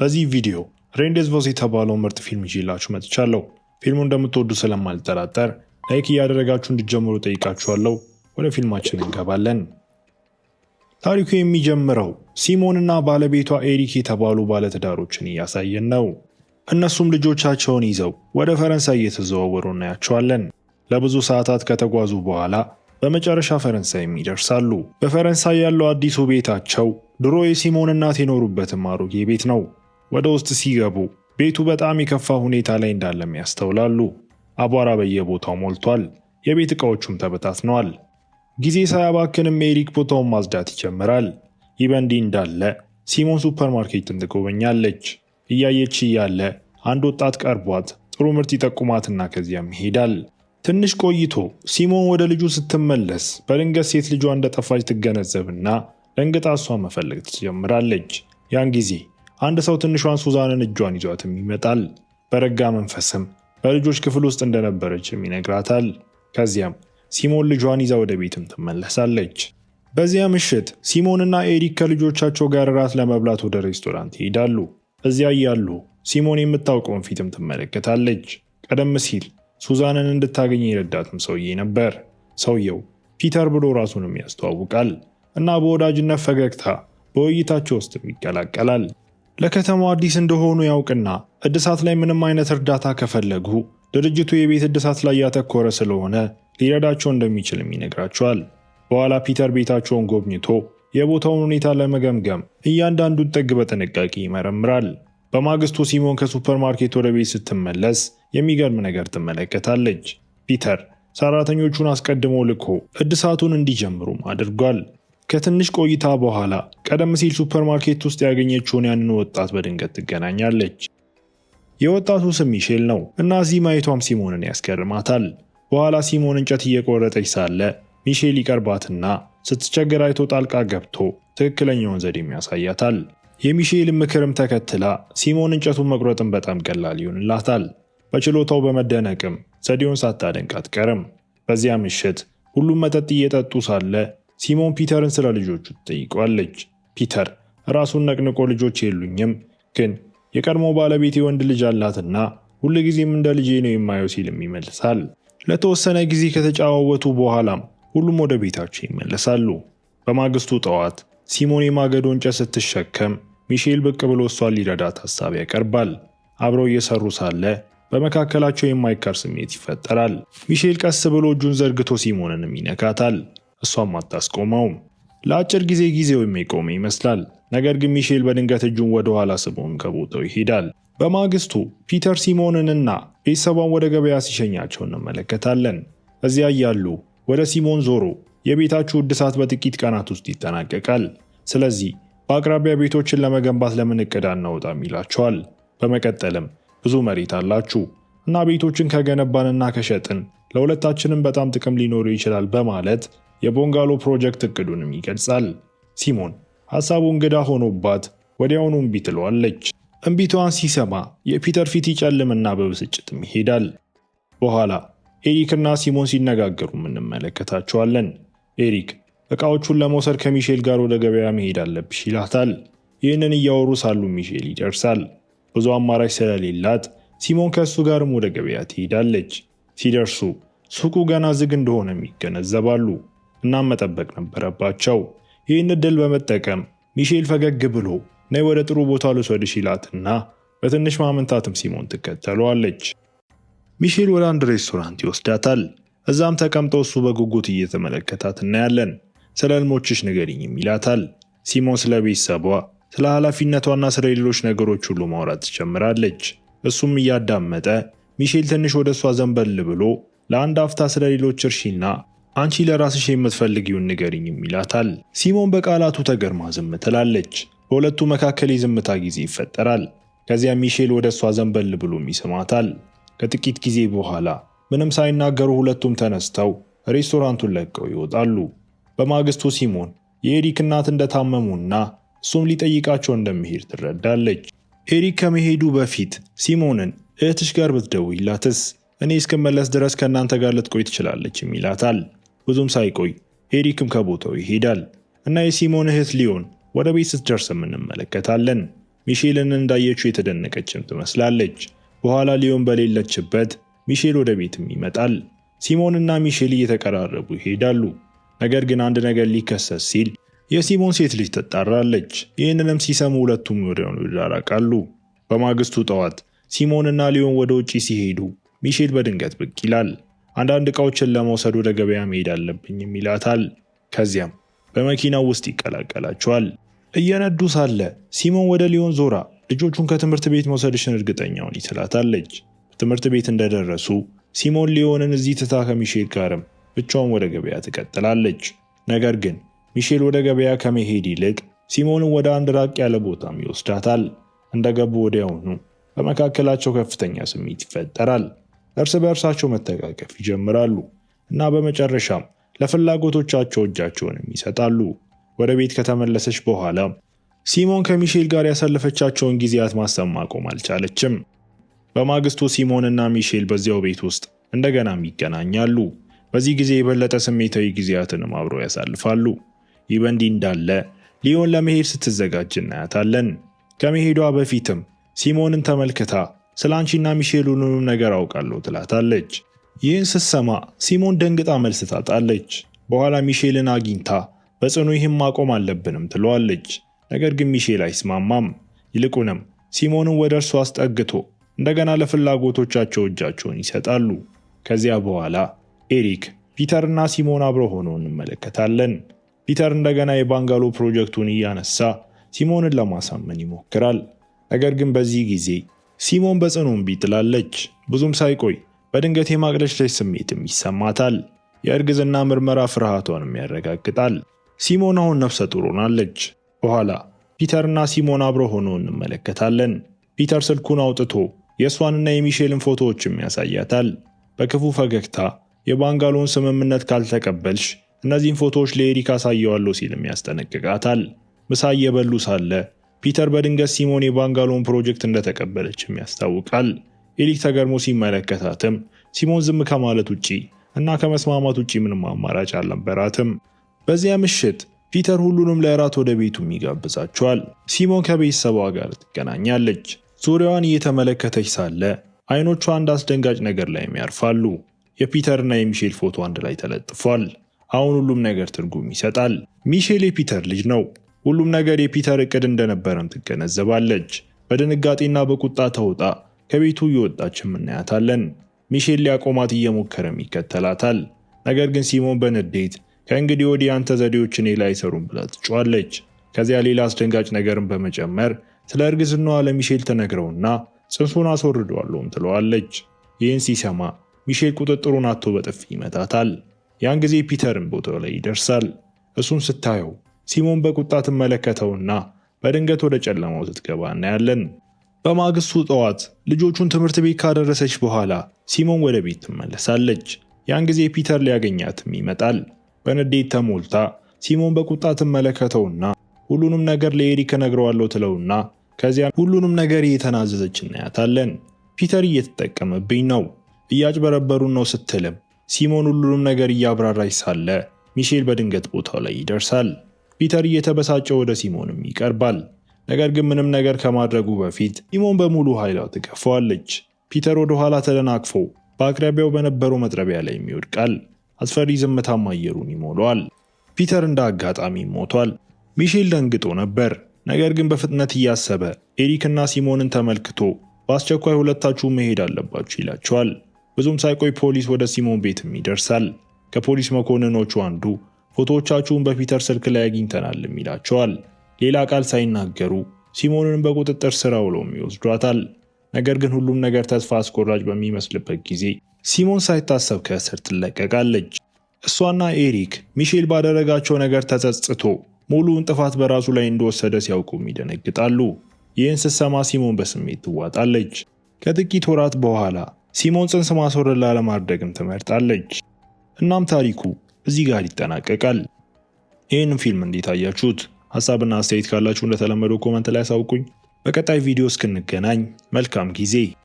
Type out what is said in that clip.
በዚህ ቪዲዮ ሬንዴዝ ቮስ የተባለው ምርጥ ፊልም ይዤላችሁ መጥቻለሁ። ፊልሙ እንደምትወዱ ስለማልጠራጠር ላይክ እያደረጋችሁ እንድጀምሩ ጠይቃችኋለሁ። ወደ ፊልማችን እንገባለን። ታሪኩ የሚጀምረው ሲሞንና ባለቤቷ ኤሪክ የተባሉ ባለትዳሮችን እያሳየን ነው። እነሱም ልጆቻቸውን ይዘው ወደ ፈረንሳይ እየተዘዋወሩ እናያቸዋለን። ለብዙ ሰዓታት ከተጓዙ በኋላ በመጨረሻ ፈረንሳይም ይደርሳሉ። በፈረንሳይ ያለው አዲሱ ቤታቸው ድሮ የሲሞን እናት የኖሩበትም አሮጌ ቤት ነው። ወደ ውስጥ ሲገቡ ቤቱ በጣም የከፋ ሁኔታ ላይ እንዳለም ያስተውላሉ። አቧራ በየቦታው ሞልቷል። የቤት ዕቃዎቹም ተበታትነዋል። ጊዜ ሳያባክንም ኤሪክ ቦታውን ማጽዳት ይጀምራል። ይህ በእንዲህ እንዳለ ሲሞን ሱፐርማርኬትን ትጎበኛለች። እያየች እያለ አንድ ወጣት ቀርቧት ጥሩ ምርት ይጠቁማትና ከዚያም ይሄዳል። ትንሽ ቆይቶ ሲሞን ወደ ልጁ ስትመለስ በድንገት ሴት ልጇ እንደጠፋች ትገነዘብና ደንግጣ እሷን መፈለግ ትጀምራለች። ያን ጊዜ አንድ ሰው ትንሿን ሱዛንን እጇን ይዟትም ይመጣል። በረጋ መንፈስም በልጆች ክፍል ውስጥ እንደነበረችም ይነግራታል። ከዚያም ሲሞን ልጇን ይዛ ወደ ቤትም ትመለሳለች። በዚያ ምሽት ሲሞንና ኤሪክ ከልጆቻቸው ጋር ራት ለመብላት ወደ ሬስቶራንት ይሄዳሉ። እዚያ እያሉ ሲሞን የምታውቀውን ፊትም ትመለከታለች። ቀደም ሲል ሱዛንን እንድታገኝ የረዳትም ሰውዬ ነበር። ሰውየው ፒተር ብሎ ራሱንም ያስተዋውቃል እና በወዳጅነት ፈገግታ በውይይታቸው ውስጥም ይቀላቀላል። ለከተማው አዲስ እንደሆኑ ያውቅና እድሳት ላይ ምንም አይነት እርዳታ ከፈለጉ ድርጅቱ የቤት እድሳት ላይ ያተኮረ ስለሆነ ሊረዳቸው እንደሚችልም ይነግራቸዋል። በኋላ ፒተር ቤታቸውን ጎብኝቶ የቦታውን ሁኔታ ለመገምገም እያንዳንዱን ጥግ በጥንቃቄ ይመረምራል። በማግስቱ ሲሞን ከሱፐርማርኬት ወደ ቤት ስትመለስ የሚገርም ነገር ትመለከታለች። ፒተር ሰራተኞቹን አስቀድሞ ልኮ እድሳቱን እንዲጀምሩም አድርጓል። ከትንሽ ቆይታ በኋላ ቀደም ሲል ሱፐርማርኬት ውስጥ ያገኘችውን ያንን ወጣት በድንገት ትገናኛለች። የወጣቱ ስም ሚሼል ነው እና እዚህ ማየቷም ሲሞንን ያስገርማታል። በኋላ ሲሞን እንጨት እየቆረጠች ሳለ ሚሼል ይቀርባትና ስትቸገር አይቶ ጣልቃ ገብቶ ትክክለኛውን ዘዴም ያሳያታል። የሚሼል ምክርም ተከትላ ሲሞን እንጨቱን መቁረጥም በጣም ቀላል ይሆንላታል። በችሎታው በመደነቅም ዘዴውን ሳታደንቅ አትቀርም። በዚያ ምሽት ሁሉም መጠጥ እየጠጡ ሳለ ሲሞን ፒተርን ስለ ልጆቹ ትጠይቋለች። ፒተር ራሱን ነቅንቆ ልጆች የሉኝም፣ ግን የቀድሞ ባለቤት የወንድ ልጅ አላትና ጊዜም እንደ ልጄ ነው የማየው ሲልም ይመልሳል። ለተወሰነ ጊዜ ከተጫዋወቱ በኋላም ሁሉም ወደ ቤታቸው ይመለሳሉ። በማግስቱ ጠዋት ሲሞን የማገዶ እንጨት ስትሸከም ሚሼል ብቅ ብሎ እሷን ሊረዳት ሀሳብ ያቀርባል። አብረው እየሰሩ ሳለ በመካከላቸው የማይካር ስሜት ይፈጠራል። ሚሼል ቀስ ብሎ እጁን ዘርግቶ ሲሞንንም ይነካታል። እሷም አታስቆመውም። ለአጭር ጊዜ ጊዜው የሚቆም ይመስላል። ነገር ግን ሚሼል በድንገት እጁን ወደ ኋላ ስቦም ከቦታው ይሄዳል። በማግስቱ ፒተር ሲሞንንና ቤተሰቧን ወደ ገበያ ሲሸኛቸው እንመለከታለን። እዚያ እያሉ ወደ ሲሞን ዞሮ የቤታችሁ እድሳት በጥቂት ቀናት ውስጥ ይጠናቀቃል፣ ስለዚህ በአቅራቢያ ቤቶችን ለመገንባት ለምን እቅድ አናወጣም ይላቸዋል። በመቀጠልም ብዙ መሬት አላችሁ እና ቤቶችን ከገነባንና ከሸጥን ለሁለታችንም በጣም ጥቅም ሊኖረው ይችላል በማለት የቦንጋሎ ፕሮጀክት እቅዱንም ይገልጻል። ሲሞን ሐሳቡ እንግዳ ሆኖባት ወዲያውኑ እምቢ ትለዋለች። እምቢቷን ሲሰማ የፒተር ፊት ይጨልምና በብስጭትም ይሄዳል። በኋላ ኤሪክና ሲሞን ሲነጋገሩ እንመለከታቸዋለን። ኤሪክ እቃዎቹን ለመውሰድ ከሚሼል ጋር ወደ ገበያ መሄድ አለብሽ ይላታል። ይህንን እያወሩ ሳሉ ሚሼል ይደርሳል። ብዙ አማራጭ ስለሌላት ሲሞን ከእሱ ጋርም ወደ ገበያ ትሄዳለች። ሲደርሱ ሱቁ ገና ዝግ እንደሆነም ይገነዘባሉ። እናም መጠበቅ ነበረባቸው። ይህን እድል በመጠቀም ሚሼል ፈገግ ብሎ ነይ ወደ ጥሩ ቦታ ልውሰድሽ ይላትና በትንሽ ማመንታትም ሲሞን ትከተለዋለች። ሚሼል ወደ አንድ ሬስቶራንት ይወስዳታል። እዛም ተቀምጠው እሱ በጉጉት እየተመለከታት እናያለን። ስለ ህልሞችሽ ንገሪኝም ይላታል። ሲሞን ስለ ቤተሰቧ፣ ስለ ኃላፊነቷና ስለ ሌሎች ነገሮች ሁሉ ማውራት ትጀምራለች። እሱም እያዳመጠ ሚሼል ትንሽ ወደ እሷ ዘንበል ብሎ ለአንድ አፍታ ስለ ሌሎች እርሺና አንቺ ለራስሽ የምትፈልጊውን ንገሪኝም ይላታል። ሲሞን በቃላቱ ተገርማ ዝም ትላለች። በሁለቱ መካከል የዝምታ ጊዜ ይፈጠራል። ከዚያ ሚሼል ወደ እሷ ዘንበል ብሎም ይስማታል። ከጥቂት ጊዜ በኋላ ምንም ሳይናገሩ ሁለቱም ተነስተው ሬስቶራንቱን ለቀው ይወጣሉ። በማግስቱ ሲሞን የኤሪክ እናት እንደታመሙና እሱም ሊጠይቃቸው እንደሚሄድ ትረዳለች። ኤሪክ ከመሄዱ በፊት ሲሞንን እህትሽ ጋር ብትደውይላትስ እኔ እስክመለስ ድረስ ከእናንተ ጋር ልትቆይ ትችላለች ይላታል። ብዙም ሳይቆይ ኤሪክም ከቦታው ይሄዳል እና የሲሞን እህት ሊዮን ወደ ቤት ስትደርስም እንመለከታለን። ሚሼልን እንዳየችው የተደነቀችም ትመስላለች። በኋላ ሊዮን በሌለችበት ሚሼል ወደ ቤትም ይመጣል። ሲሞንና ሚሼል እየተቀራረቡ ይሄዳሉ። ነገር ግን አንድ ነገር ሊከሰት ሲል የሲሞን ሴት ልጅ ትጣራለች። ይህንንም ሲሰሙ ሁለቱም ወደ ይራራቃሉ። በማግስቱ ጠዋት ሲሞንና ሊዮን ወደ ውጭ ሲሄዱ ሚሼል በድንገት ብቅ ይላል። አንዳንድ እቃዎችን ለመውሰድ ወደ ገበያ መሄድ አለብኝም ይላታል። ከዚያም በመኪናው ውስጥ ይቀላቀላቸዋል። እየነዱ ሳለ ሲሞን ወደ ሊዮን ዞራ ልጆቹን ከትምህርት ቤት መውሰድሽን እርግጠኛውን ትላታለች። ትምህርት ቤት እንደደረሱ ሲሞን ሊዮንን እዚህ ትታ ከሚሼል ጋርም ብቻውን ወደ ገበያ ትቀጥላለች። ነገር ግን ሚሼል ወደ ገበያ ከመሄድ ይልቅ ሲሞንን ወደ አንድ ራቅ ያለ ቦታም ይወስዳታል። እንደገቡ ወዲያውኑ በመካከላቸው ከፍተኛ ስሜት ይፈጠራል። እርስ በእርሳቸው መተቃቀፍ ይጀምራሉ እና በመጨረሻም ለፍላጎቶቻቸው እጃቸውንም ይሰጣሉ። ወደ ቤት ከተመለሰች በኋላ ሲሞን ከሚሼል ጋር ያሳለፈቻቸውን ጊዜያት ማሰብ ማቆም አልቻለችም። በማግስቱ ሲሞን እና ሚሼል በዚያው ቤት ውስጥ እንደገናም ይገናኛሉ። በዚህ ጊዜ የበለጠ ስሜታዊ ጊዜያትንም አብረው ያሳልፋሉ። ይህ በእንዲህ እንዳለ ሊዮን ለመሄድ ስትዘጋጅ እናያታለን። ከመሄዷ በፊትም ሲሞንን ተመልክታ ስለ አንቺና ሚሼል ሁሉንም ነገር አውቃለሁ ትላታለች። ይህን ስትሰማ ሲሞን ደንግጣ መልስ ታጣለች። በኋላ ሚሼልን አግኝታ በጽኑ ይህም ማቆም አለብንም ትለዋለች። ነገር ግን ሚሼል አይስማማም። ይልቁንም ሲሞንን ወደ እርሱ አስጠግቶ እንደገና ለፍላጎቶቻቸው እጃቸውን ይሰጣሉ። ከዚያ በኋላ ኤሪክ፣ ፒተርና ሲሞን አብረ ሆኖ እንመለከታለን። ፒተር እንደገና የባንጋሎ ፕሮጀክቱን እያነሳ ሲሞንን ለማሳመን ይሞክራል። ነገር ግን በዚህ ጊዜ ሲሞን በጽኑ እምቢ ትላለች። ብዙም ሳይቆይ በድንገት የማቅለሽለሽ ስሜትም ይሰማታል። የእርግዝና ምርመራ ፍርሃቷንም ያረጋግጣል። ሲሞን አሁን ነፍሰ ጡር ሆናለች። በኋላ ፒተርና ሲሞን አብሮ ሆኖ እንመለከታለን። ፒተር ስልኩን አውጥቶ የእሷንና የሚሼልን ፎቶዎችም ያሳያታል። በክፉ ፈገግታ የባንጋሎን ስምምነት ካልተቀበልሽ እነዚህን ፎቶዎች ለኤሪክ አሳየዋለሁ ሲልም ያስጠነቅቃታል። ምሳ እየበሉ ሳለ ፒተር በድንገት ሲሞን የባንጋሎን ፕሮጀክት እንደተቀበለችም ያስታውቃል። ኤሊክ ተገርሞ ሲመለከታትም ሲሞን ዝም ከማለት ውጪ እና ከመስማማት ውጪ ምንም አማራጭ አልነበራትም። በዚያ ምሽት ፒተር ሁሉንም ለእራት ወደ ቤቱም ይጋብዛቸዋል። ሲሞን ከቤተሰቧ ጋር ትገናኛለች። ዙሪያዋን እየተመለከተች ሳለ አይኖቿ አንድ አስደንጋጭ ነገር ላይም ያርፋሉ። የፒተርና የሚሼል ፎቶ አንድ ላይ ተለጥፏል። አሁን ሁሉም ነገር ትርጉም ይሰጣል። ሚሼል የፒተር ልጅ ነው። ሁሉም ነገር የፒተር እቅድ እንደነበረም ትገነዘባለች። በድንጋጤና በቁጣ ተውጣ ከቤቱ እየወጣችም እናያታለን። ሚሼል ሊያቆማት እየሞከረም ይከተላታል። ነገር ግን ሲሞን በንዴት ከእንግዲህ ወዲህ አንተ ዘዴዎች እኔ ላይ አይሰሩም ብላ ትጮዋለች። ከዚያ ሌላ አስደንጋጭ ነገርን በመጨመር ስለ እርግዝናዋ ለሚሼል ተነግረውና ጽንሱን አስወርደዋለሁም ትለዋለች። ይህን ሲሰማ ሚሼል ቁጥጥሩን አቶ በጥፊ ይመታታል። ያን ጊዜ ፒተርም ቦታው ላይ ይደርሳል። እሱን ስታየው ሲሞን በቁጣ ትመለከተውና በድንገት ወደ ጨለማው ስትገባ እናያለን። በማግስቱ ጠዋት ልጆቹን ትምህርት ቤት ካደረሰች በኋላ ሲሞን ወደ ቤት ትመለሳለች። ያን ጊዜ ፒተር ሊያገኛትም ይመጣል። በንዴት ተሞልታ ሲሞን በቁጣ ትመለከተውና ሁሉንም ነገር ለኤሪክ እነግረዋለሁ ትለውና ከዚያ ሁሉንም ነገር እየተናዘዘች እናያታለን። ፒተር እየተጠቀመብኝ ነው፣ እያጭበረበሩን ነው ስትልም ሲሞን ሁሉንም ነገር እያብራራች ሳለ ሚሼል በድንገት ቦታው ላይ ይደርሳል። ፒተር እየተበሳጨ ወደ ሲሞንም ይቀርባል። ነገር ግን ምንም ነገር ከማድረጉ በፊት ሲሞን በሙሉ ኃይሏ ትገፋዋለች። ፒተር ወደ ኋላ ተደናቅፎ በአቅራቢያው በነበረው መጥረቢያ ላይ ይወድቃል። አስፈሪ ዝምታም አየሩን ይሞላዋል። ፒተር እንደ አጋጣሚ ሞቷል። ሚሼል ደንግጦ ነበር። ነገር ግን በፍጥነት እያሰበ ኤሪክና ሲሞንን ተመልክቶ በአስቸኳይ ሁለታችሁ መሄድ አለባችሁ ይላቸዋል። ብዙም ሳይቆይ ፖሊስ ወደ ሲሞን ቤትም ይደርሳል። ከፖሊስ መኮንኖቹ አንዱ ፎቶዎቻችሁን በፒተር ስልክ ላይ አግኝተናል ይላቸዋል። ሌላ ቃል ሳይናገሩ ሲሞንን በቁጥጥር ስር ውለውም ይወስዷታል። ነገር ግን ሁሉም ነገር ተስፋ አስቆራጭ በሚመስልበት ጊዜ ሲሞን ሳይታሰብ ከእስር ትለቀቃለች። እሷና ኤሪክ ሚሼል ባደረጋቸው ነገር ተጸጽቶ ሙሉውን ጥፋት በራሱ ላይ እንደወሰደ ሲያውቁም ይደነግጣሉ። ይህን ስትሰማ ሲሞን በስሜት ትዋጣለች። ከጥቂት ወራት በኋላ ሲሞን ጽንስ ማስወረድ ለማድረግም ትመርጣለች። እናም ታሪኩ እዚህ ጋር ይጠናቀቃል። ይህን ፊልም እንዴት አያችሁት? ሀሳብና አስተያየት ካላችሁ እንደተለመደው ኮመንት ላይ አሳውቁኝ። በቀጣይ ቪዲዮ እስክንገናኝ መልካም ጊዜ